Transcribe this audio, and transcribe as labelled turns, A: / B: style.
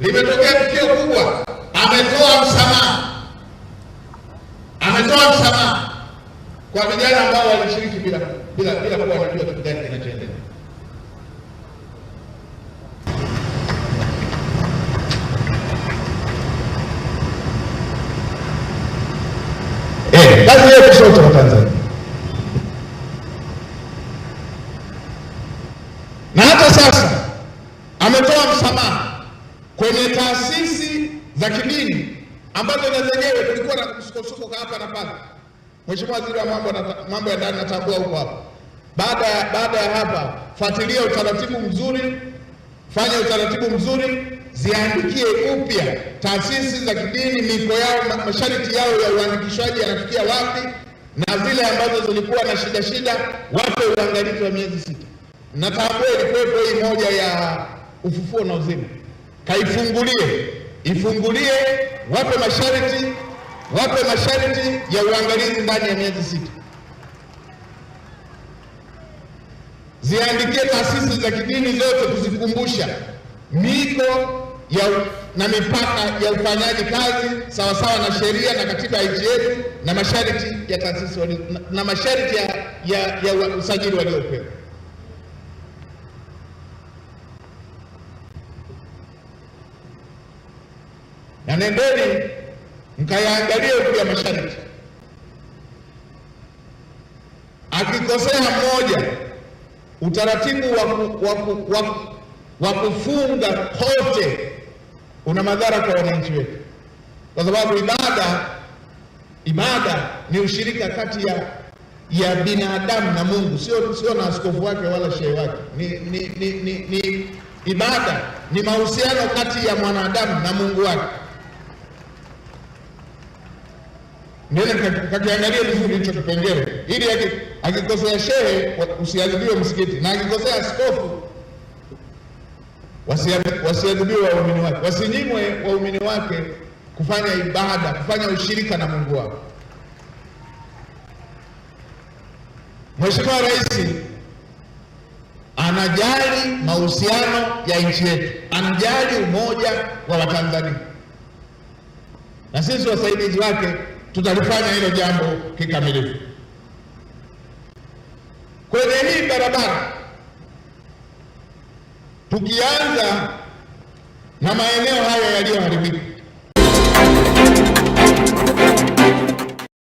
A: limetokea tukio kubwa, ametoa msamaha, ametoa msamaha kwa vijana ambao walishiriki bila bila bila kuwa wanajua kitu gani kinachoendelea. Eh, kazi Tanzania na hata sasa ametoa msamaha kwenye taasisi za kidini ambazo na zenyewe kulikuwa na msukosuko hapa na pale. Mheshimiwa Waziri wa mambo na mambo ya ndani natambua huko hapa. Baada ya baada ya hapa, fuatilia utaratibu mzuri, fanya utaratibu mzuri, ziandikie upya taasisi za kidini miko yao, masharti yao ya uandikishwaji yanafikia wapi, na zile ambazo zilikuwa na shida shida wape uangalizi wa miezi sita. Natambua ilikuwepo hii moja ya Ufufuo na Uzima kaifungulie, ifungulie, wape masharti, wape masharti ya uangalizi ndani ya miezi sita, ziandikie taasisi za kidini zote kuzikumbusha miko ya na mipaka ya ufanyaji kazi sawasawa na sheria na katiba ya nchi yetu na masharti ya taasisi na masharti ya, ya, ya usajili waliopewa. na nendeni mkayaangalie huku ya mashariki. Akikosea mmoja, utaratibu wa waku, waku kufunga kote una madhara kwa wananchi wetu, kwa sababu ibada ibada ni ushirika kati ya ya binadamu na Mungu, sio sio na askofu wake wala shehe wake. Ni, ni, ni, ni, ni ibada ni mahusiano kati ya mwanadamu na Mungu wake. nene kakiangalia vizuri hicho kipengele, ili akikosea shehe usiadhibiwe msikiti, na akikosea askofu wasiadhibiwe waumini wake, wasinyimwe waumini wake kufanya ibada, kufanya ushirika na Mungu wao. Mheshimiwa Rais anajali mahusiano ya nchi yetu, anajali umoja wa Watanzania na sisi wasaidizi wake tutalifanya hilo jambo kikamilifu. Kwenye hii barabara tukianza na maeneo haya yaliyoharibika